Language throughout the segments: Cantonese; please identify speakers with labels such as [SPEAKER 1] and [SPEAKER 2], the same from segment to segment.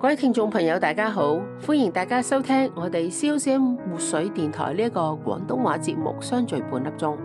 [SPEAKER 1] 各位聽眾朋友，大家好，歡迎大家收聽我哋瀟聲活水電台呢一個廣東話節目相聚半粒鐘。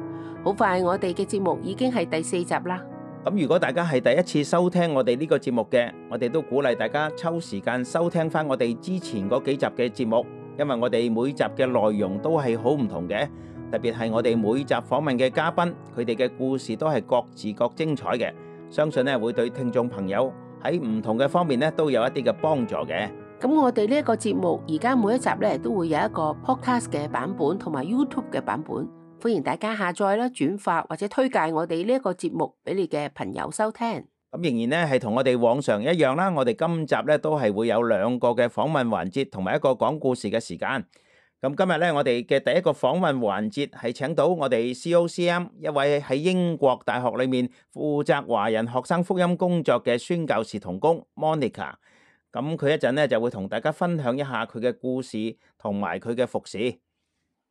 [SPEAKER 1] 好快，我哋嘅節目已經係第四集啦。
[SPEAKER 2] 咁如果大家係第一次收聽我哋呢個節目嘅，我哋都鼓勵大家抽時間收聽翻我哋之前嗰幾集嘅節目，因為我哋每集嘅內容都係好唔同嘅，特別係我哋每集訪問嘅嘉賓，佢哋嘅故事都係各自各精彩嘅，相信呢會對聽眾朋友，喺唔同嘅方面咧，都有一啲嘅幫助嘅。
[SPEAKER 1] 咁我哋呢一個節目，而家每一集咧都會有一個 Podcast 嘅版本，同埋 YouTube 嘅版本，歡迎大家下載啦、轉發或者推介我哋呢一個節目俾你嘅朋友收聽。
[SPEAKER 2] 咁仍然咧係同我哋往常一樣啦，我哋今集咧都係會有兩個嘅訪問環節，同埋一個講故事嘅時間。咁今日咧，我哋嘅第一個訪問環節係請到我哋 COCM 一位喺英國大學裏面負責華人學生福音工作嘅宣教士同工 Monica。咁佢一陣咧就會同大家分享一下佢嘅故事同埋佢嘅服事。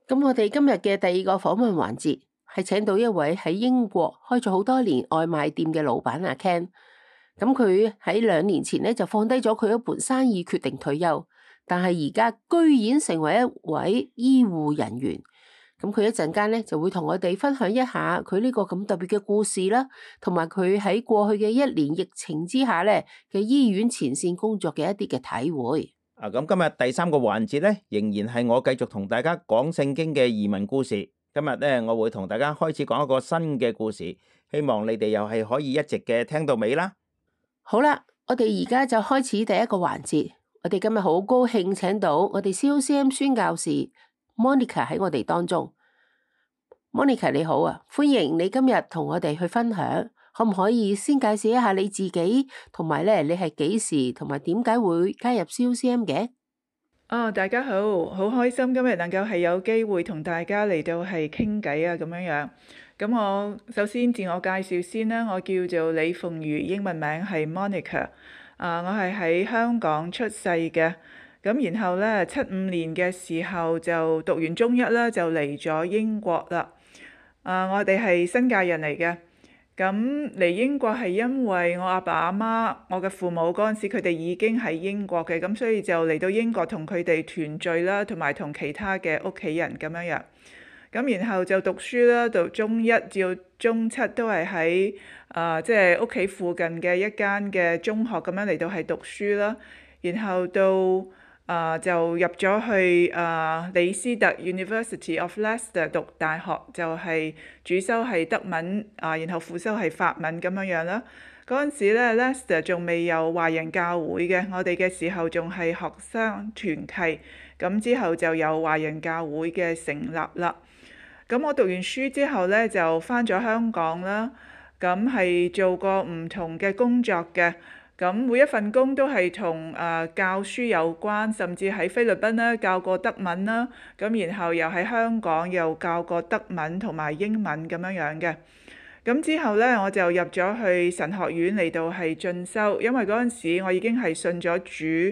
[SPEAKER 1] 咁我哋今日嘅第二個訪問環節係請到一位喺英國開咗好多年外賣店嘅老闆阿 Ken。咁佢喺兩年前咧就放低咗佢一盤生意，決定退休。但係而家居然成為一位醫護人員，咁佢一陣間咧就會同我哋分享一下佢呢個咁特別嘅故事啦，同埋佢喺過去嘅一年疫情之下咧嘅醫院前線工作嘅一啲嘅體會。
[SPEAKER 2] 啊，咁今日第三個環節咧，仍然係我繼續同大家講聖經嘅移民故事。今日咧，我會同大家開始講一個新嘅故事，希望你哋又係可以一直嘅聽到尾啦。
[SPEAKER 1] 好啦，我哋而家就開始第一個環節。我哋今日好高興，請到我哋 COCM 宣教士 Monica 喺我哋當中。Monica 你好啊，歡迎你今日同我哋去分享，可唔可以先介紹一下你自己，同埋咧你係幾時同埋點解會加
[SPEAKER 3] 入 COCM 嘅？哦，大家好，好開心今日能夠係有機會同大家嚟到係傾偈啊，咁樣樣。咁我首先自我介紹先啦，我叫做李鳳如，英文名係 Monica。啊，我係喺香港出世嘅，咁然後呢，七五年嘅時候就讀完中一啦，就嚟咗英國啦。啊，我哋係新界人嚟嘅，咁、啊、嚟英國係因為我阿爸阿媽，我嘅父母嗰陣時佢哋已經喺英國嘅，咁所以就嚟到英國同佢哋團聚啦，同埋同其他嘅屋企人咁樣樣。咁然後就讀書啦，讀中一至到中七都係喺啊，即係屋企附近嘅一間嘅中學咁樣嚟到係讀書啦。然後到啊、呃、就入咗去啊、呃、李斯特 University of Leicester 讀大學，就係、是、主修係德文啊、呃，然後副修係法文咁樣咁樣啦。嗰陣時呢 Leicester 仲未有華人教會嘅，我哋嘅時候仲係學生團契。咁之後就有華人教會嘅成立啦。咁我讀完書之後呢，就翻咗香港啦。咁、嗯、係做過唔同嘅工作嘅。咁、嗯、每一份工都係同誒教書有關，甚至喺菲律賓啦教過德文啦。咁、嗯、然後又喺香港又教過德文同埋英文咁樣樣嘅。咁、嗯、之後呢，我就入咗去神學院嚟到係進修，因為嗰陣時我已經係信咗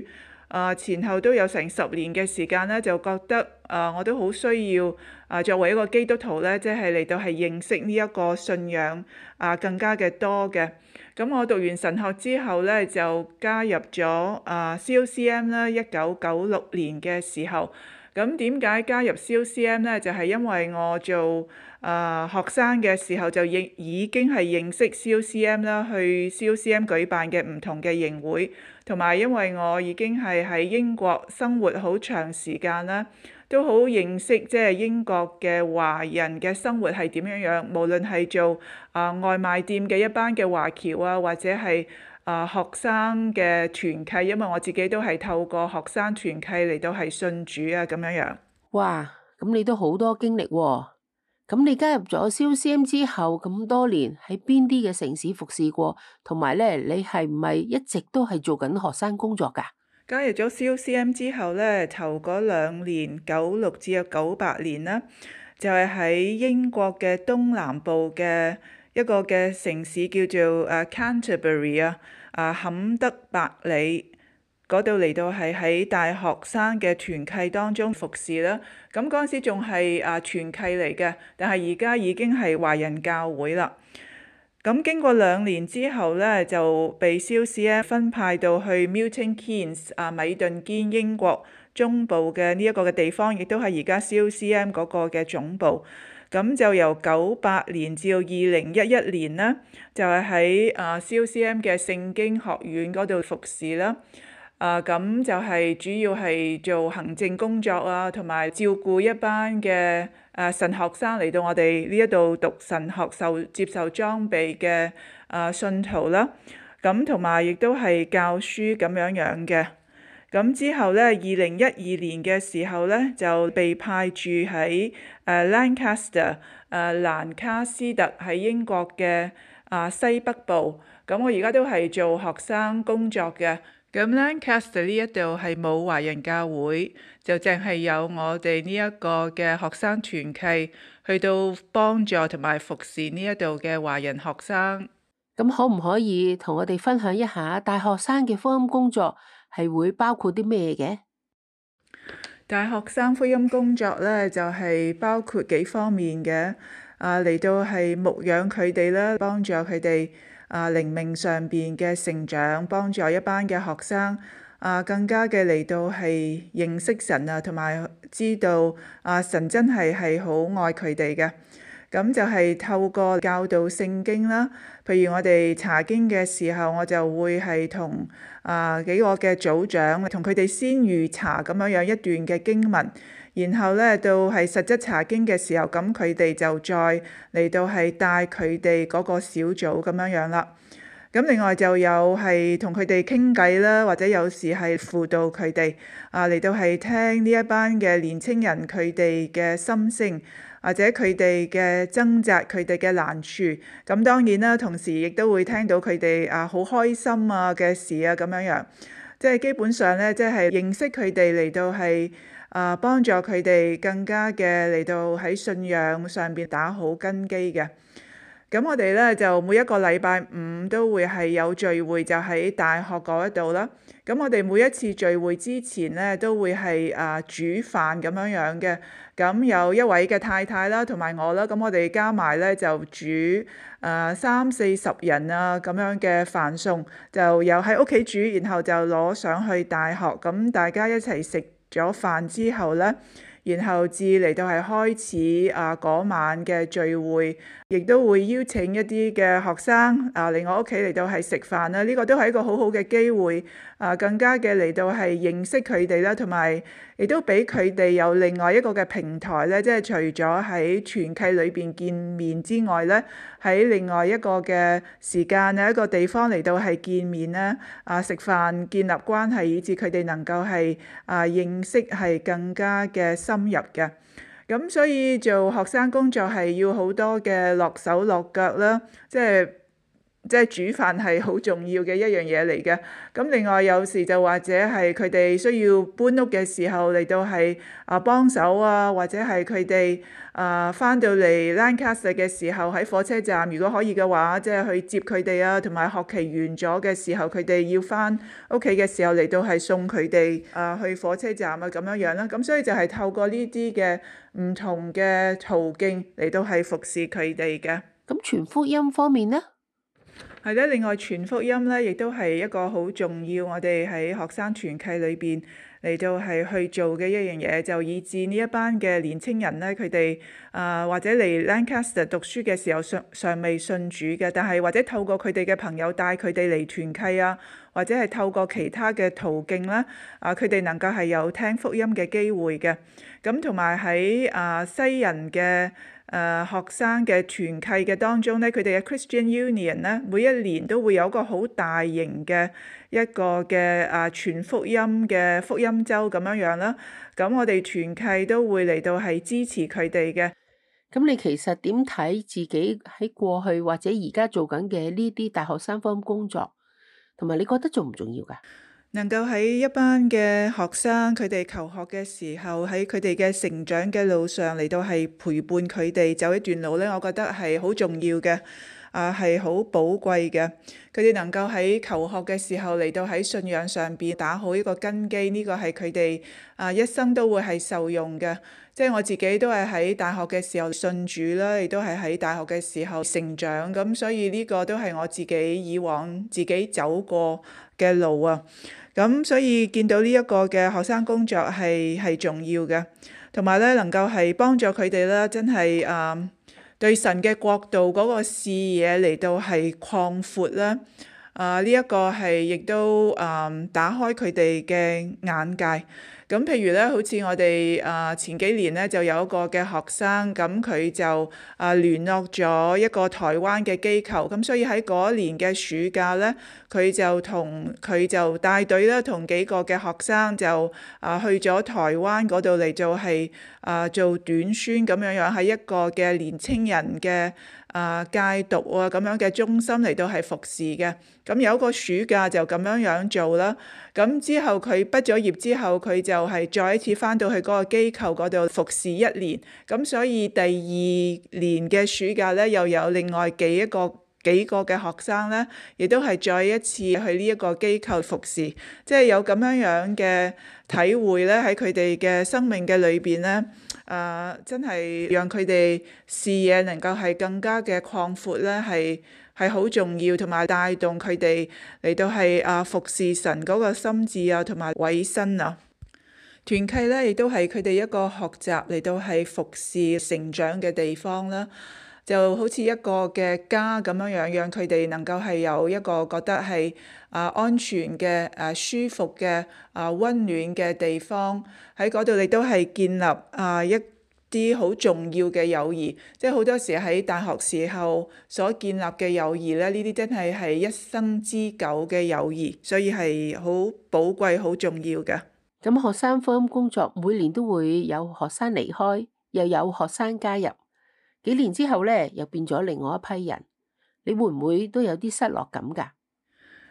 [SPEAKER 3] 主。啊，前後都有成十年嘅時間呢，就覺得啊，我都好需要啊，作為一個基督徒呢，即係嚟到係認識呢一個信仰啊，更加嘅多嘅。咁我讀完神學之後呢，就加入咗啊 COCM 啦，一九九六年嘅時候。咁點解加入 COCM 呢？就係因為我做啊學生嘅時候就認已經係認識 COCM 啦，去 COCM 舉辦嘅唔同嘅營會。同埋，因為我已經係喺英國生活好長時間啦，都好認識即係英國嘅華人嘅生活係點樣樣。無論係做啊外賣店嘅一班嘅華僑啊，或者係啊學生嘅團契，因為我自己都係透過學生團契嚟到係信主啊咁樣樣。哇！
[SPEAKER 1] 咁你都好多經歷喎，啊。咁你加入咗 COCM 之後咁多年，喺邊啲嘅城市服侍過？同埋咧，你係唔係一直都係做緊學生工作㗎？加
[SPEAKER 3] 入咗 COCM 之後咧，頭嗰兩年九六至到九八年啦，就係喺英國嘅東南部嘅一個嘅城市叫做誒 Canterbury 啊，啊坎德伯里。嗰度嚟到係喺大學生嘅團契當中服侍啦。咁嗰陣時仲係啊團契嚟嘅，但係而家已經係華人教會啦。咁經過兩年之後呢，就被 C O C M 分派到去 Milton Keynes 啊米頓堅，英國中部嘅呢一個嘅地方，亦都係而家 C O C M 嗰個嘅總部。咁就由九八年至到二零一一年呢，就係喺啊 C O C M 嘅聖經學院嗰度服侍啦。啊，咁就係主要係做行政工作啊，同埋照顧一班嘅啊神學生嚟到我哋呢一度讀神學受接受裝備嘅啊信徒啦，咁同埋亦都係教書咁樣樣嘅。咁、啊、之後呢，二零一二年嘅時候呢，就被派住喺誒、啊、Lancaster 蘭、啊、卡斯特喺英國嘅啊西北部。咁、啊、我而家都係做學生工作嘅。咁咧，Lancaster 呢一度係冇華人教會，就淨係有我哋呢一個嘅學生團契，去到幫助同埋服侍呢一度嘅華人學生。
[SPEAKER 1] 咁可唔可以同我哋分享一下大學生嘅福音工作
[SPEAKER 3] 係會包括啲咩嘅？大學生福音工作咧，就係包括幾方面嘅，啊嚟到係牧養佢哋啦，幫助佢哋。啊，靈命上邊嘅成長，幫助一班嘅學生啊，更加嘅嚟到係認識神啊，同埋知道啊，神真係係好愛佢哋嘅。咁就係透過教導聖經啦，譬如我哋查經嘅時候，我就會係同啊幾個嘅組長，同佢哋先預查咁樣樣一段嘅經文，然後呢到係實質查經嘅時候，咁佢哋就再嚟到係帶佢哋嗰個小組咁樣樣啦。咁另外就有係同佢哋傾偈啦，或者有時係輔導佢哋啊嚟到係聽呢一班嘅年青人佢哋嘅心聲。或者佢哋嘅掙扎，佢哋嘅難處，咁當然啦。同時亦都會聽到佢哋啊好開心啊嘅事啊咁樣樣，即係基本上呢，即係認識佢哋嚟到係啊幫助佢哋更加嘅嚟到喺信仰上面打好根基嘅。咁我哋咧就每一個禮拜五都會係有聚會，就喺大學嗰一度啦。咁我哋每一次聚會之前咧都會係啊煮飯咁樣樣嘅。咁有一位嘅太太啦，同埋我啦，咁我哋加埋咧就煮啊三四十人啊咁樣嘅飯餸，就又喺屋企煮，然後就攞上去大學。咁大家一齊食咗飯之後咧。然後至嚟到係開始啊嗰晚嘅聚會，亦都會邀請一啲嘅學生啊嚟我屋企嚟到係食飯啦，呢、啊呢個都係一個好好嘅機會啊，更加嘅嚟到係認識佢哋啦，同埋亦都俾佢哋有另外一個嘅平台咧、啊，即係除咗喺團契裏邊見面之外咧。啊喺另外一個嘅時間啊，一個地方嚟到係見面啦，啊食飯建立關係，以至佢哋能夠係啊認識係更加嘅深入嘅。咁所以做學生工作係要好多嘅落手落腳啦，即係即係煮飯係好重要嘅一樣嘢嚟嘅。咁另外有時就或者係佢哋需要搬屋嘅時候嚟到係啊幫手啊，或者係佢哋。啊！翻到嚟 Lancaster 嘅時候，喺火車站如果可以嘅話，即係去接佢哋啊。同埋學期完咗嘅時候，佢哋要翻屋企嘅時候嚟到係送佢哋啊，去火車站啊咁樣樣啦。咁、啊、所以就係透過呢啲嘅唔同嘅途徑嚟到係服侍佢哋嘅。咁傳福音方面呢？係啦，另外傳福音咧，亦都係一個好重要，我哋喺學生團契裏邊嚟到係去做嘅一樣嘢，就以至一呢一班嘅年青人咧，佢哋啊或者嚟 Lancaster 讀書嘅時候尚尚未信主嘅，但係或者透過佢哋嘅朋友帶佢哋嚟團契啊，或者係透過其他嘅途徑啦，啊佢哋能夠係有聽福音嘅機會嘅，咁同埋喺啊西人嘅。誒、uh, 學生嘅團契嘅當中咧，佢哋嘅 Christian Union 咧，每一年都會有一個好大型嘅一個嘅啊傳福音嘅福音週咁樣這樣啦。咁、嗯、我哋團契都會嚟到係支持佢哋嘅。咁你其實點睇自己喺過去或者而
[SPEAKER 1] 家做緊嘅呢啲大學生方工作，同埋你覺得重唔重要㗎？
[SPEAKER 3] 能夠喺一班嘅學生佢哋求學嘅時候，喺佢哋嘅成長嘅路上嚟到係陪伴佢哋走一段路呢，我覺得係好重要嘅，啊係好寶貴嘅。佢哋能夠喺求學嘅時候嚟到喺信仰上邊打好一個根基，呢個係佢哋啊一生都會係受用嘅。即係我自己都係喺大學嘅時候信主啦，亦都係喺大學嘅時候成長，咁所以呢個都係我自己以往自己走過嘅路啊。咁所以見到呢一個嘅學生工作係係重要嘅，同埋咧能夠係幫助佢哋啦。真係誒、嗯、對神嘅國度嗰個視野嚟到係擴闊啦。啊！呢、這、一個係亦都啊、嗯，打開佢哋嘅眼界。咁、啊、譬如咧，好似我哋啊前幾年咧就有一個嘅學生，咁佢就啊聯絡咗一個台灣嘅機構，咁所以喺嗰年嘅暑假咧，佢就同佢就帶隊咧，同幾個嘅學生就啊去咗台灣嗰度嚟做係啊做短宣咁樣樣，喺一個嘅年青人嘅，啊戒毒啊咁樣嘅中心嚟到係服侍嘅，咁有一個暑假就咁樣樣做啦。咁之後佢畢咗業之後，佢就係再一次返到去嗰個機構嗰度服侍一年。咁所以第二年嘅暑假呢，又有另外幾個。幾個嘅學生呢，亦都係再一次去呢一個機構服侍。即係有咁樣樣嘅體會呢，喺佢哋嘅生命嘅裏邊呢，啊、呃、真係讓佢哋視野能夠係更加嘅擴闊呢，係係好重要，同埋帶動佢哋嚟到係啊服侍神嗰個心智啊，同埋委身啊團契呢，亦都係佢哋一個學習嚟到係服侍成長嘅地方啦、啊。就好似一個嘅家咁樣樣，讓佢哋能夠係有一個覺得係啊安全嘅、誒舒服嘅、啊溫暖嘅地方喺嗰度，你都係建立啊一啲好重要嘅友誼。即係好多時喺大學時候所建立嘅友誼咧，呢啲真係係一生之久嘅友誼，所以係好寶貴、好重要嘅。咁學生福音工作，每年都會有學生離
[SPEAKER 1] 開，又有學生加入。幾年之後咧，又變咗另外一批人，你會唔會都有啲失落感噶？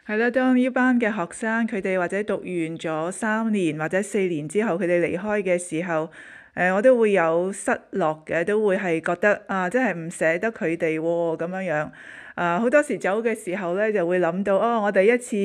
[SPEAKER 3] 係啦，當呢班嘅學生佢哋或者讀完咗三年或者四年之後，佢哋離開嘅時候，誒，我都會有失落嘅，都會係覺得啊，真係唔捨得佢哋咁樣樣。啊，好多時走嘅時候呢，就會諗到，哦，我第一次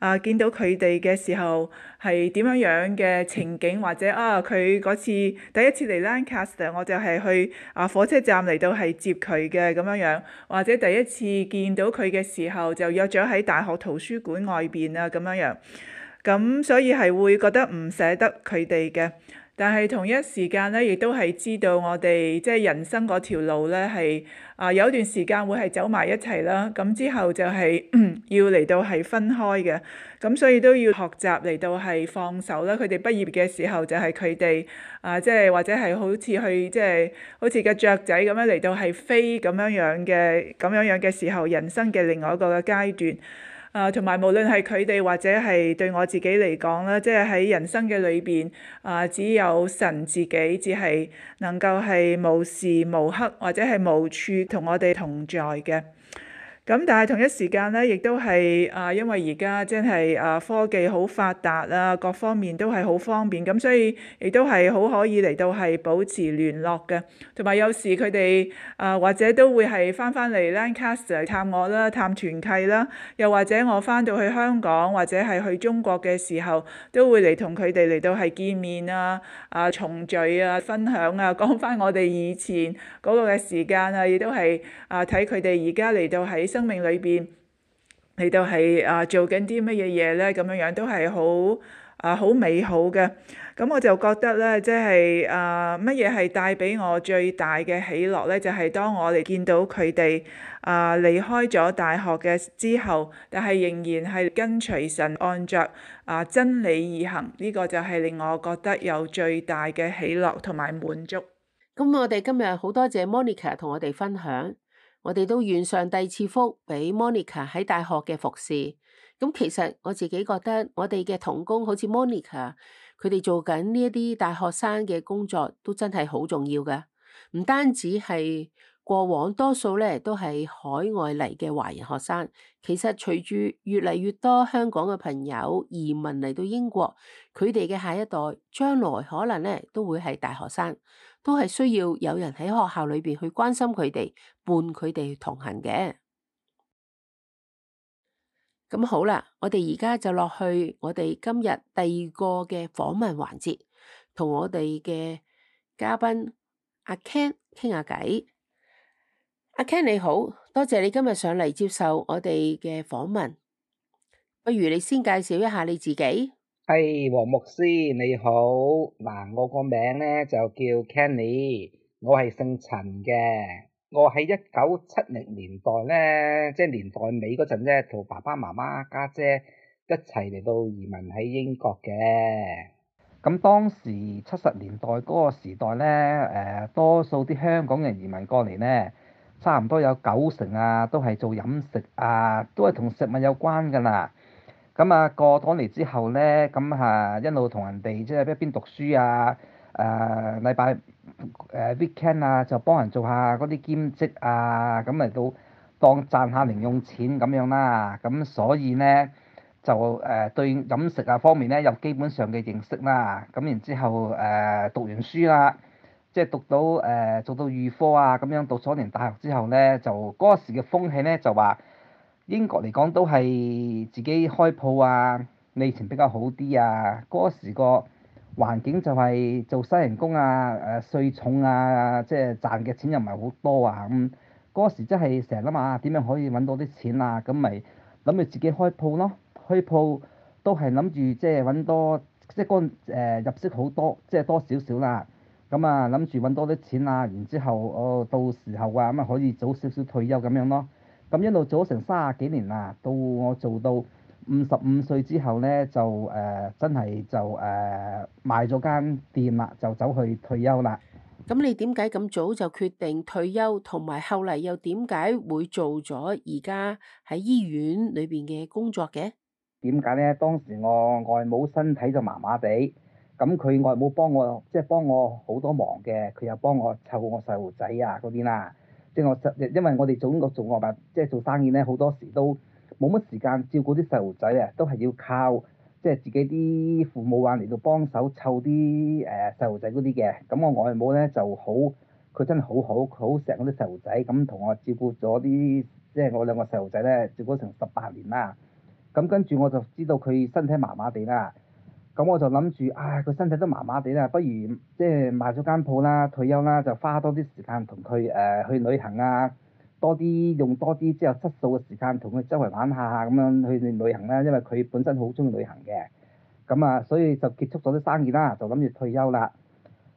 [SPEAKER 3] 啊見到佢哋嘅時候係點樣樣嘅情景，或者啊佢嗰次第一次嚟 Lancaster，我就係去啊火車站嚟到係接佢嘅咁樣樣，或者第一次見到佢嘅時候就約咗喺大學圖書館外邊啊咁樣樣，咁所以係會覺得唔捨得佢哋嘅。但係同一時間咧，亦都係知道我哋即係人生嗰條路咧係啊有段時間會係走埋一齊啦，咁、啊、之後就係、是嗯、要嚟到係分開嘅，咁、啊、所以都要學習嚟到係放手啦。佢、啊、哋畢業嘅時候就係佢哋啊，即、就、係、是啊、或者係好似去即係、就是、好似個雀仔咁樣嚟到係飛咁樣樣嘅咁樣樣嘅時候，人生嘅另外一個嘅階段。啊，同埋無論係佢哋或者係對我自己嚟講啦，即係喺人生嘅裏邊，啊，只有神自己只係能夠係無時無刻或者係無處同我哋同在嘅。咁但係同一時間咧，亦都係啊，因為而家真係啊科技好發達啊，各方面都係好方便，咁所以亦都係好可以嚟到係保持聯絡嘅。同埋有，有時佢哋啊或者都會係翻翻嚟 Lancaster 嚟探我啦，探團契啦，又或者我翻到去香港或者係去中國嘅時候，都會嚟同佢哋嚟到係見面啊啊重聚啊分享啊講翻我哋以前嗰個嘅時間啊，亦都係啊睇佢哋而家嚟到喺。生命裏邊你到係啊做緊啲乜嘢嘢咧？咁樣樣都係好啊好美好嘅。咁我就覺得咧，即係啊乜嘢係帶俾我最大嘅喜樂咧？就係當我哋見到佢哋啊離開咗大學嘅之後，但係仍然係跟隨神按着啊真理而行，呢個就係令我覺得有最大嘅喜樂同埋滿足。
[SPEAKER 1] 咁我哋今日好多謝 Monica 同我哋分享。我哋都願上帝賜福俾 Monica 喺大學嘅服侍。咁其實我自己覺得，我哋嘅同工好似 Monica，佢哋做緊呢一啲大學生嘅工作，都真係好重要噶。唔單止係過往多數咧都係海外嚟嘅華人學生，其實隨住越嚟越多香港嘅朋友移民嚟到英國，佢哋嘅下一代將來可能咧都會係大學生。都係需要有人喺學校裏邊去關心佢哋，伴佢哋同行嘅。咁好啦，我哋而家就落去我哋今日第二個嘅訪問環節，同我哋嘅嘉賓阿 Ken 傾下偈。阿 Ken 你好，多謝你今日上嚟，接受我哋嘅訪問。不如你先介紹一下你自己。
[SPEAKER 4] 係，hey, 黃牧師你好。嗱，我個名咧就叫 Kenny，我係姓陳嘅。我喺一九七零年代咧，即係年代尾嗰陣咧，同爸爸媽媽家姐、姐一齊嚟到移民喺英國嘅。咁當時七十年代嗰個時代咧，誒、呃、多數啲香港人移民過嚟咧，差唔多有九成啊，都係做飲食啊，都係同食物有關㗎啦。咁啊，過咗嚟之後咧，咁啊一路同人哋即係一邊讀書啊，誒禮拜誒 weekend 啊，就幫人做下嗰啲兼職啊，咁嚟到當賺下零用錢咁樣啦、啊。咁所以咧就誒對飲食啊方面咧有基本上嘅認識啦。咁然之後誒讀完書啦、啊，即、就、係、是、讀到誒、呃、做到預科啊，咁樣讀咗一年大學之後咧，就嗰、那個、時嘅風氣咧就話。英國嚟講都係自己開鋪啊，以前比較好啲啊。嗰時個環境就係做西人工啊，誒稅重啊，即係賺嘅錢又唔係好多啊咁。嗰、嗯、時即係成日諗下點樣可以揾到啲錢啊？咁咪諗住自己開鋪咯。開鋪都係諗住即係揾多即係乾誒入息好多，即係多少少啦。咁啊諗住揾多啲錢啊，然之後哦，到時候啊咁啊可以早少少退休咁樣咯。咁一路做咗成卅幾年啦，到我做到五十五歲之後咧，就誒真係就誒賣咗間店啦，就走去退休啦。
[SPEAKER 1] 咁你點解咁早就決定退休，同埋後嚟又點解會做咗而家喺醫院裏邊嘅工作嘅？
[SPEAKER 4] 點解咧？當時我外母身體就麻麻地，咁佢外母幫我即係、即係、幫我好多忙嘅，佢又幫我湊我細路仔啊嗰啲啦。我因為我哋做呢個做外賣，即係做生意咧，好多時都冇乜時間照顧啲細路仔啊，都係要靠即係、就是、自己啲父母啊嚟到幫手湊啲誒細路仔嗰啲嘅。咁、呃、我外母咧就好，佢真係好好，佢好錫嗰啲細路仔，咁、嗯、同我照顧咗啲，即、就、係、是、我兩個細路仔咧照顧成十八年啦。咁、嗯、跟住我就知道佢身體麻麻地啦。咁我就諗住，唉、哎，佢身體都麻麻地啦，不如即係賣咗間鋪啦，退休啦，就花多啲時間同佢誒去旅行啊，多啲用多啲之後質素嘅時間同佢周圍玩下下。咁樣去旅行啦，因為佢本身好中意旅行嘅。咁啊，所以就結束咗啲生意啦，就諗住退休啦。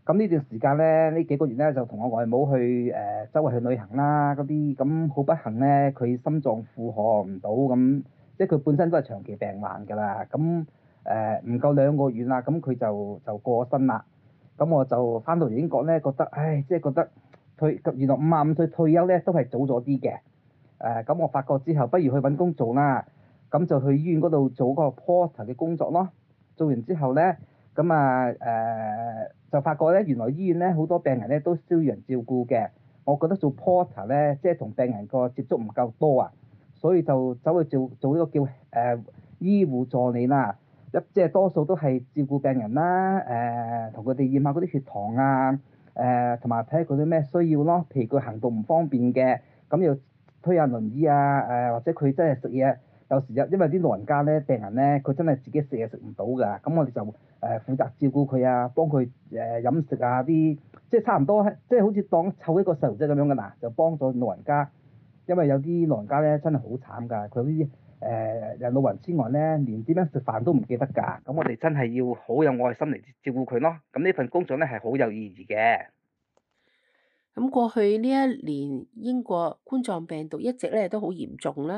[SPEAKER 4] 咁呢段時間咧，呢幾個月咧就同我外母去誒、呃、周圍去旅行啦嗰啲，咁好不幸咧，佢心臟負荷唔到咁，即係佢本身都係長期病患㗎啦，咁。誒唔、呃、夠兩個月啦，咁佢就就過身啦。咁我就翻到英國咧，覺得唉，即係覺得退原來五啊五歲退休咧都係早咗啲嘅。誒、呃、咁我發覺之後，不如去揾工做啦。咁就去醫院嗰度做個 porter 嘅工作咯。做完之後咧，咁啊誒、呃、就發覺咧，原來醫院咧好多病人咧都需要人照顧嘅。我覺得做 porter 咧，即係同病人個接觸唔夠多啊，所以就走去做做一個叫誒、呃、醫護助理啦。即係多數都係照顧病人啦，誒同佢哋驗下嗰啲血糖啊，誒同埋睇下佢啲咩需要咯。譬如佢行動唔方便嘅，咁要推下輪椅啊，誒、呃、或者佢真係食嘢。有時有因為啲老人家咧，病人咧，佢真係自己食嘢食唔到㗎，咁我哋就誒負、呃、責照顧佢、呃、啊，幫佢誒飲食啊啲，即係差唔多，即係好似當湊一個細路仔咁樣㗎嗱，就幫咗老人家。因為有啲老人家咧，真係好慘㗎，佢啲。誒人老雲之外咧，連點樣食飯都唔記得㗎。咁我哋真係要好有愛心嚟照顧佢咯。咁呢份工作咧，係好有意義嘅。
[SPEAKER 1] 咁過去呢一年，英國冠狀病毒一直咧都好嚴重啦。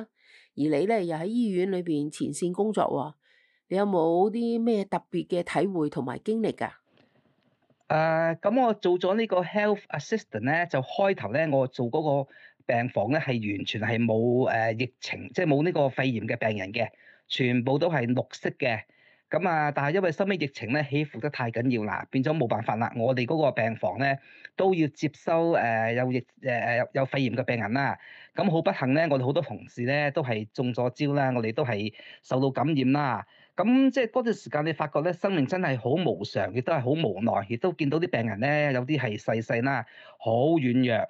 [SPEAKER 1] 而你咧又喺醫院裏邊前線工作喎，你有冇啲咩特別嘅體會同埋經歷㗎？誒、
[SPEAKER 4] 呃，咁我做咗呢個 health assistant 咧，就開頭咧，我做嗰、嗰個。病房咧係完全係冇誒疫情，即係冇呢個肺炎嘅病人嘅，全部都係綠色嘅。咁啊，但係因為收尾疫情咧起伏得太緊要啦，變咗冇辦法啦。我哋嗰個病房咧都要接收誒有疫誒誒有肺炎嘅病人啦。咁好不幸咧，我哋好多同事咧都係中咗招啦，我哋都係受到感染啦。咁即係嗰段時間，你發覺咧生命真係好無常，亦都係好無奈，亦都見到啲病人咧有啲係細細啦，好軟弱。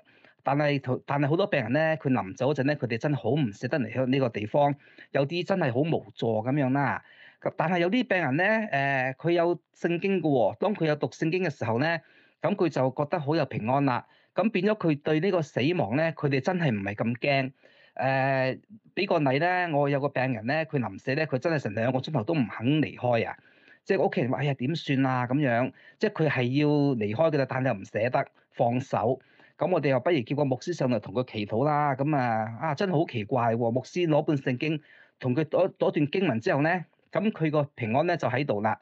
[SPEAKER 4] 但係但係好多病人咧，佢臨走嗰陣咧，佢哋真係好唔捨得離開呢個地方，有啲真係好無助咁樣啦。咁但係有啲病人咧，誒、呃、佢有聖經嘅喎、哦，當佢有讀聖經嘅時候咧，咁佢就覺得好有平安啦。咁變咗佢對呢個死亡咧，佢哋真係唔係咁驚。誒、呃，俾個例咧，我有個病人咧，佢臨死咧，佢真係成兩個鐘頭都唔肯離開啊！即係屋企人話，哎呀點算啊？咁樣，即係佢係要離開嘅啦，但係又唔捨得放手。咁我哋又不如叫個牧師上嚟同佢祈禱啦。咁啊，啊真係好奇怪喎！牧師攞本聖經同佢嗰段經文之後咧，咁佢個平安咧就喺度啦。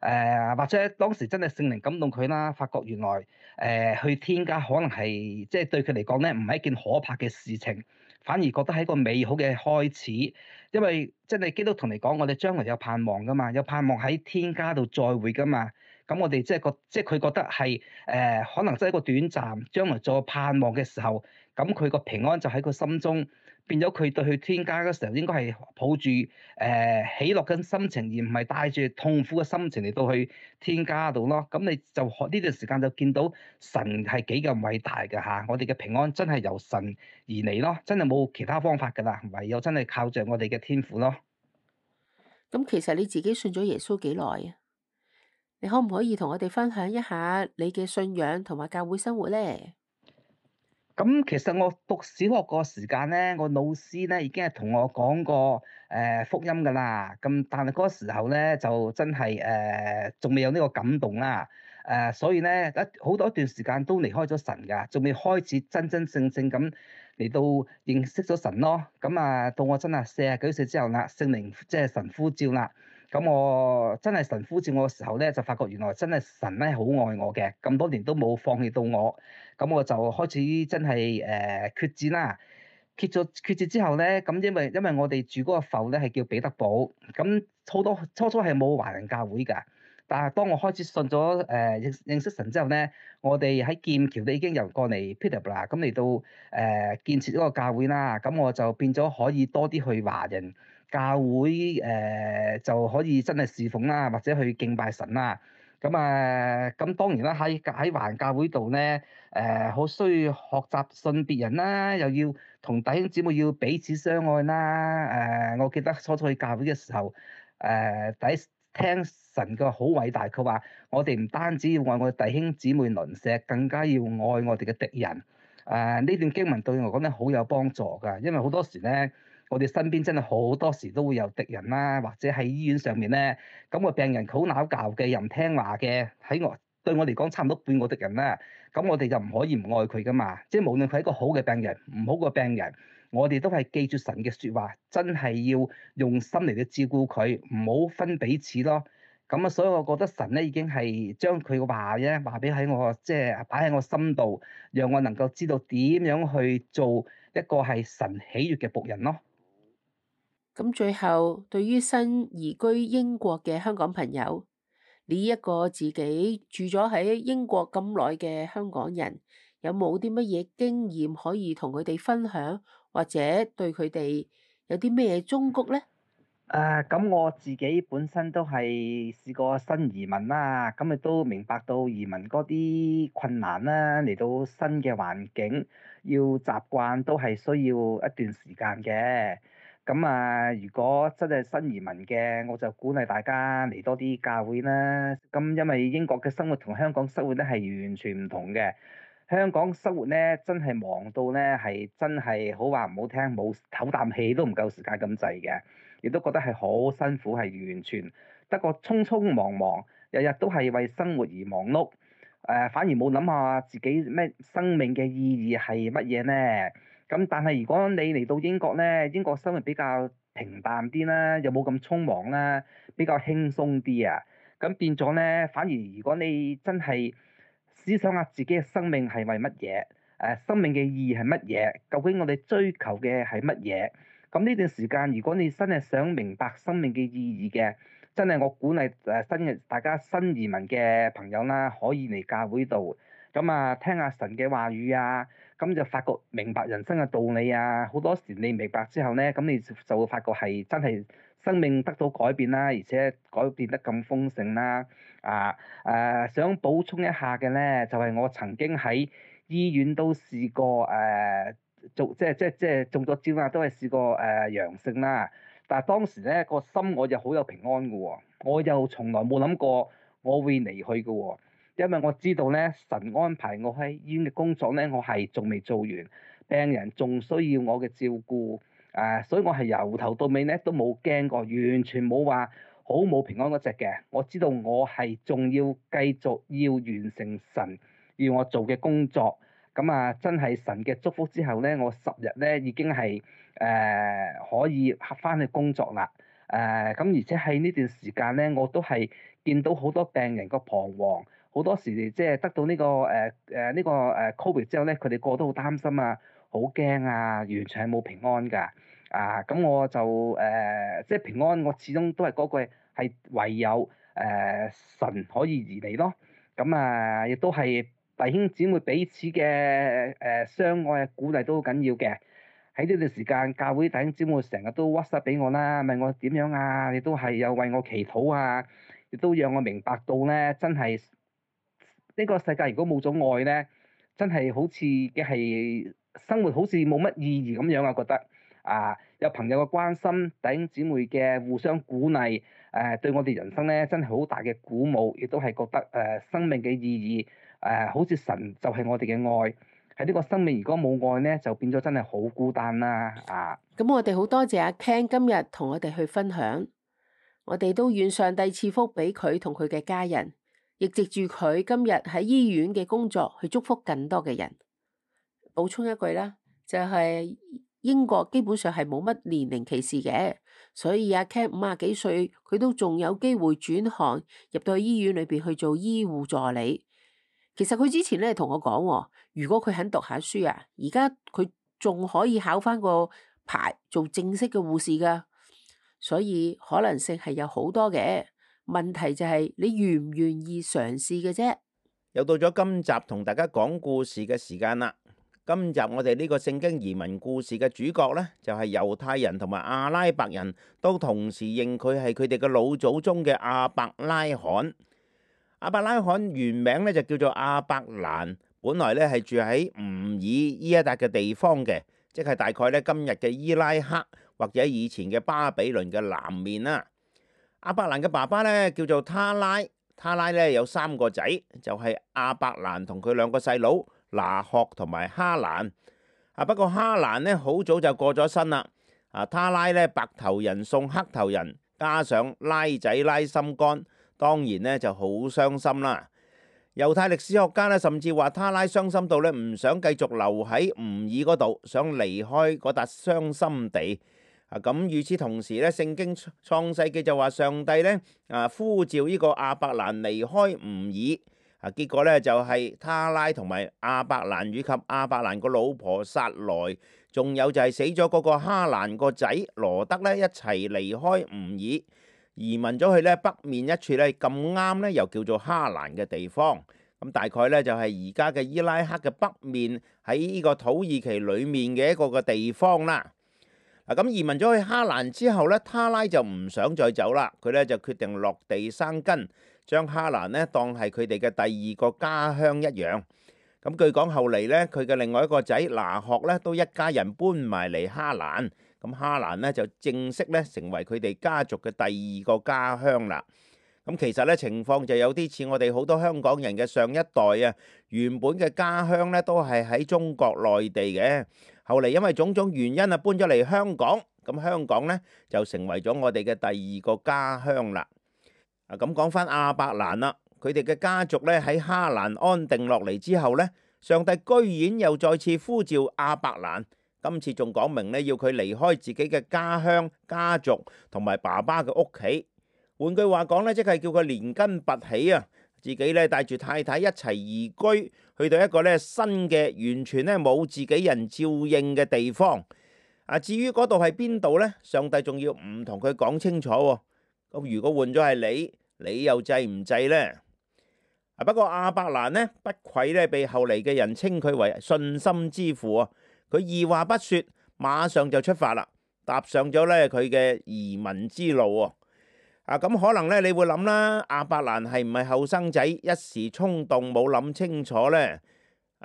[SPEAKER 4] 誒、呃、或者當時真係聖靈感動佢啦，發覺原來誒、呃、去天家可能係即係對佢嚟講咧，唔係一件可怕嘅事情，反而覺得係一個美好嘅開始。因為真係、就是、基督徒嚟講，我哋將來有盼望噶嘛，有盼望喺天家度再會噶嘛。咁我哋即係個，即係佢覺得係誒、呃，可能真係一個短暫，將來做盼望嘅時候，咁佢個平安就喺佢心中變咗。佢到去天家嘅時候，應該係抱住誒、呃、喜樂嘅心情，而唔係帶住痛苦嘅心情嚟到去天家度咯。咁、嗯、你就呢段、這個、時間就見到神係幾咁偉大嘅嚇、啊，我哋嘅平安真係由神而嚟咯，真係冇其他方法噶啦，唯有真係靠着我哋嘅天父咯。
[SPEAKER 1] 咁其實你自己信咗耶穌幾耐啊？你可唔可以同我哋分享一下你嘅信仰同埋教會生活咧？
[SPEAKER 4] 咁其實我讀小學個時間咧，我老師咧已經係同我講過誒福音噶啦。咁但係嗰時候咧就真係誒仲未有呢個感動啦。誒、呃，所以咧一好多一段時間都離開咗神噶，仲未開始真真正正咁嚟到認識咗神咯。咁啊，到我真係四啊幾歲之後啦，聖靈即係神呼召啦。咁我真係神呼召我嘅時候咧，就發覺原來真係神咧好愛我嘅，咁多年都冇放棄到我。咁我就開始真係誒決志啦。決咗決志之後咧，咁因為因為我哋住嗰個埠咧係叫彼得堡，咁好多初初係冇華人教會㗎。但係當我開始信咗誒、呃、認識神之後咧，我哋喺劍橋都已經入過嚟彼得堡啦，咁嚟到誒、呃、建設嗰個教會啦。咁我就變咗可以多啲去華人教會誒、呃、就可以真係侍奉啦，或者去敬拜神啦。咁、嗯、啊，咁、呃、當然啦，喺喺環教會度咧，誒、呃、好需要學習信別人啦，又要同弟兄姊妹要彼此相愛啦。誒、呃，我記得初初去教會嘅時候，誒、呃、第一聽神嘅好偉大，佢話我哋唔單止要愛我哋弟兄姊妹鄰舍，更加要愛我哋嘅敵人。誒、呃、呢段經文對我講咧好有幫助㗎，因為好多時咧。我哋身邊真係好多時都會有敵人啦，或者喺醫院上面咧，咁個病人好拗教嘅，又唔聽話嘅，喺我對我嚟講差唔多半個敵人啦。咁我哋就唔可以唔愛佢噶嘛，即係無論佢係一個好嘅病人，唔好嘅病人，我哋都係記住神嘅説話，真係要用心嚟去照顧佢，唔好分彼此咯。咁啊，所以我覺得神咧已經係將佢嘅話咧話俾喺我，即係擺喺我心度，讓我能夠知道點樣去做一個係神喜悅嘅僕人咯。
[SPEAKER 1] 咁最後，對於新移居英國嘅香港朋友，呢一個自己住咗喺英國咁耐嘅香港人，有冇啲乜嘢經驗可以同佢哋分享，或者對佢哋有啲咩忠告呢？
[SPEAKER 4] 啊，咁我自己本身都係試過新移民啦，咁亦都明白到移民嗰啲困難啦，嚟到新嘅環境要習慣都係需要一段時間嘅。咁啊，如果真係新移民嘅，我就鼓勵大家嚟多啲教會啦。咁因為英國嘅生活同香港生活咧係完全唔同嘅。香港生活咧真係忙到咧係真係好話唔好聽，冇唞啖氣都唔夠時間咁滯嘅，亦都覺得係好辛苦，係完全得過匆匆忙忙，日日都係為生活而忙碌。誒、呃，反而冇諗下自己咩生命嘅意義係乜嘢呢。咁但係如果你嚟到英國咧，英國生活比較平淡啲啦，又冇咁匆忙啦，比較輕鬆啲啊。咁變咗咧，反而如果你真係思想下自己嘅生命係為乜嘢？誒，生命嘅意義係乜嘢？究竟我哋追求嘅係乜嘢？咁呢段時間，如果你真係想明白生命嘅意義嘅，真係我鼓勵誒新嘅大家新移民嘅朋友啦，可以嚟教會度咁啊，聽下神嘅話語啊！咁就發覺明白人生嘅道理啊！好多時你明白之後咧，咁你就會發覺係真係生命得到改變啦、啊，而且改變得咁豐盛啦、啊。啊誒、啊，想補充一下嘅咧，就係、是、我曾經喺醫院都試過誒、啊，做即係即係即係中咗招了啊，都係試過誒陽性啦、啊。但係當時咧個心我就好有平安嘅喎、哦，我又從來冇諗過我會離去嘅喎、哦。因為我知道咧，神安排我喺醫院嘅工作咧，我係仲未做完，病人仲需要我嘅照顧，誒、呃，所以我係由頭到尾咧都冇驚過，完全冇話好冇平安嗰隻嘅。我知道我係仲要繼續要完成神要我做嘅工作，咁啊，真係神嘅祝福之後咧，我十日咧已經係誒、呃、可以返去工作啦，誒、呃、咁而且喺呢段時間咧，我都係見到好多病人個彷徨。好多時即係得到呢、呢個誒誒呢個誒 Covid 之後咧，佢哋個都好擔心啊，好驚啊，完全係冇平安㗎啊！咁我就誒、呃、即係平安，我始終都係嗰句係唯有誒、呃、神可以而嚟咯。咁啊，亦都係弟兄姊妹彼此嘅誒相愛、呃、鼓勵都好緊要嘅。喺呢段時間，教會弟兄姊妹成日都 WhatsApp 俾我啦，問我點樣啊？亦都係有為我祈禱啊，亦都讓我明白到咧，真係。呢個世界如果冇咗愛呢，真係好似嘅係生活，好似冇乜意義咁樣啊！我覺得啊，有朋友嘅關心、弟兄姊妹嘅互相鼓勵，誒、啊、對我哋人生咧真係好大嘅鼓舞，亦都係覺得誒、啊、生命嘅意義誒、啊，好似神就係我哋嘅愛喺呢、啊這個生命。如果冇愛呢，就變咗真係好孤單啦！啊，咁我哋好
[SPEAKER 1] 多謝阿 Ken 今日同我哋去分享，我哋都願上帝賜福俾佢同佢嘅家人。亦藉住佢今日喺醫院嘅工作去祝福更多嘅人。補充一句啦，就係、是、英國基本上係冇乜年齡歧視嘅，所以阿、啊、Ken 五十幾歲，佢都仲有機會轉行入到去醫院裏邊去做醫護助理。其實佢之前咧同我講、哦，如果佢肯讀下書啊，而家佢仲可以考翻個牌做正式嘅護士噶，所以可能性係有好多嘅。問題就係你願唔願意嘗試嘅啫。
[SPEAKER 2] 又到咗今集同大家講故事嘅時間啦。今集我哋呢個聖經移民故事嘅主角呢，就係猶太人同埋阿拉伯人都同時認佢係佢哋嘅老祖宗嘅阿伯拉罕。阿伯拉罕原名呢，就叫做阿伯蘭，本來呢係住喺吾爾伊一笪嘅地方嘅，即係大概呢今日嘅伊拉克或者以前嘅巴比倫嘅南面啦。阿伯蘭嘅爸爸咧叫做他拉，他拉咧有三個仔，就係阿伯蘭同佢兩個細佬拿鶴同埋哈蘭。啊，不過哈蘭咧好早就過咗身啦。啊，他拉咧白頭人送黑頭人，加上拉仔拉心肝，當然咧就好傷心啦。猶太歷史學家咧甚至話他拉傷心到咧唔想繼續留喺吳爾嗰度，想離開嗰笪傷心地。啊！咁與此同時咧，《聖經創世記》就話上帝咧啊，呼召呢個亞伯蘭離開吾爾啊，結果呢就係他拉同埋亞伯蘭以及亞伯蘭個老婆撒萊，仲有就係死咗嗰個哈蘭個仔羅德呢，一齊離開吾爾，移民咗去呢北面一處呢咁啱呢又叫做哈蘭嘅地方。咁大概呢就係而家嘅伊拉克嘅北面喺呢個土耳其裏面嘅一個個地方啦。移民咗去哈蘭之後咧，他拉就唔想再走啦。佢咧就決定落地生根，將哈蘭呢當係佢哋嘅第二個家鄉一樣。咁據講後嚟呢，佢嘅另外一個仔拿鶴呢都一家人搬埋嚟哈蘭。咁哈蘭呢就正式咧成為佢哋家族嘅第二個家鄉啦。咁其實咧，情況就有啲似我哋好多香港人嘅上一代啊，原本嘅家鄉咧都係喺中國內地嘅。後嚟因為種種原因啊，搬咗嚟香港，咁香港呢就成為咗我哋嘅第二個家鄉啦。啊，咁講翻亞伯蘭啦，佢哋嘅家族咧喺哈蘭安定落嚟之後呢，上帝居然又再次呼召亞伯蘭，今次仲講明呢，要佢離開自己嘅家鄉、家族同埋爸爸嘅屋企，換句話講呢，即係叫佢連根拔起啊！自己咧帶住太太一齊移居，去到一個咧新嘅完全咧冇自己人照應嘅地方。啊，至於嗰度係邊度呢？上帝仲要唔同佢講清楚喎。咁如果換咗係你，你又制唔制呢？啊，不過阿伯蘭呢，不愧咧被後嚟嘅人稱佢為信心之父啊！佢二話不說，馬上就出發啦，踏上咗咧佢嘅移民之路喎。啊，咁可能咧，你會諗啦，亞伯蘭係唔係後生仔一時衝動冇諗清楚呢？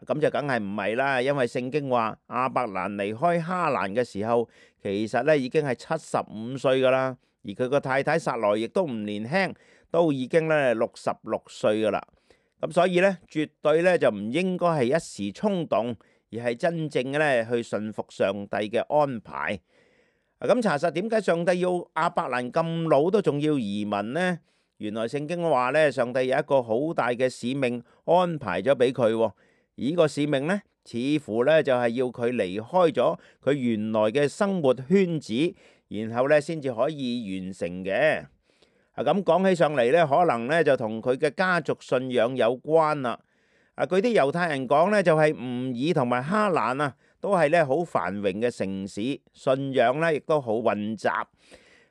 [SPEAKER 2] 咁、啊、就梗係唔係啦，因為聖經話亞伯蘭離開哈蘭嘅時候，其實咧已經係七十五歲噶啦，而佢個太太撒萊亦都唔年輕，都已經咧六十六歲噶啦。咁、啊、所以咧，絕對咧就唔應該係一時衝動，而係真正嘅咧去順服上帝嘅安排。咁查實點解上帝要亞伯蘭咁老都仲要移民呢？原來聖經話呢，上帝有一個好大嘅使命安排咗俾佢。而、這、呢個使命呢，似乎呢就係要佢離開咗佢原來嘅生活圈子，然後呢先至可以完成嘅。啊，咁講起上嚟呢，可能呢就同佢嘅家族信仰有關啦。啊，據啲猶太人講呢，就係吾爾同埋哈蘭啊。都係咧好繁榮嘅城市，信仰咧亦都好混雜。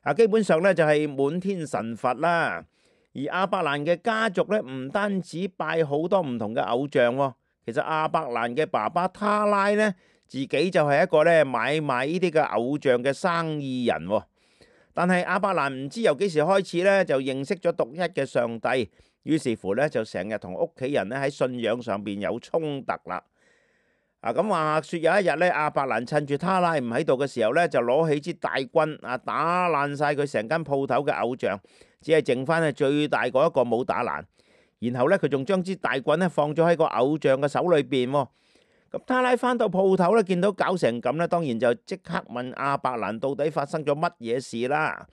[SPEAKER 2] 啊，基本上咧就係滿天神佛啦。而阿伯蘭嘅家族咧，唔單止拜好多唔同嘅偶像，其實阿伯蘭嘅爸爸他拉咧，自己就係一個咧買賣呢啲嘅偶像嘅生意人。但係阿伯蘭唔知由幾時開始咧，就認識咗獨一嘅上帝，於是乎咧就成日同屋企人咧喺信仰上邊有衝突啦。啊咁，話說，有一日咧，阿伯蘭趁住他拉唔喺度嘅時候咧，就攞起支大棍啊，打爛晒佢成間鋪頭嘅偶像，只係剩翻啊最大嗰一個冇打爛。然後咧，佢仲將支大棍咧放咗喺個偶像嘅手裏邊。咁他拉翻到鋪頭咧，見到搞成咁咧，當然就即刻問阿伯蘭到底發生咗乜嘢事啦。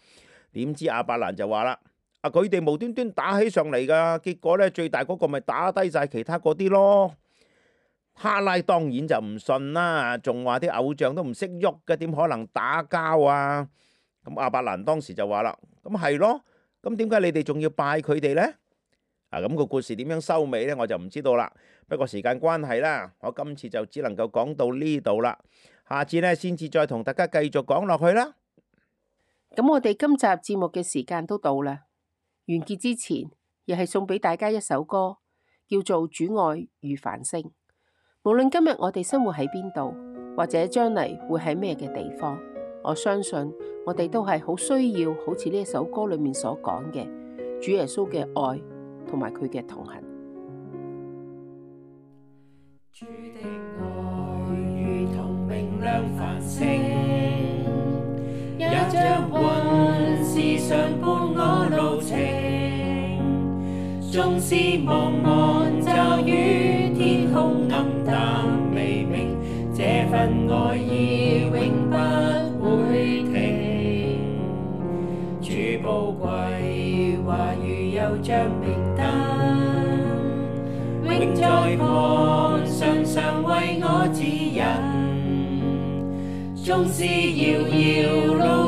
[SPEAKER 2] 點知阿伯蘭就話啦：啊佢哋無端端打起上嚟噶，結果咧最大嗰個咪打低晒其他嗰啲咯。哈拉當然就唔信啦，仲話啲偶像都唔識喐嘅，點可能打交啊？咁阿伯蘭當時就話啦，咁係咯，咁點解你哋仲要拜佢哋呢？啊，咁個故事點樣收尾呢？我就唔知道啦。不過時間關係啦，我今次就只能夠講到呢度啦。下次呢先至再同大家繼續講落去啦。
[SPEAKER 1] 咁我哋今集節目嘅時間都到啦，完結之前又係送俾大家一首歌，叫做《主愛如繁星》。無論今日我哋生活喺邊度，或者將來會喺咩嘅地方，我相信我哋都係好需要，好似呢一首歌裏面所講嘅，主耶穌嘅愛同埋佢嘅同行。
[SPEAKER 3] 主的
[SPEAKER 1] 愛如同明
[SPEAKER 2] 亮繁星，也像雲時常伴我路程，
[SPEAKER 1] 縱使茫茫驟雨。
[SPEAKER 2] 在旁常常
[SPEAKER 1] 為我指引，縱是遙遙路。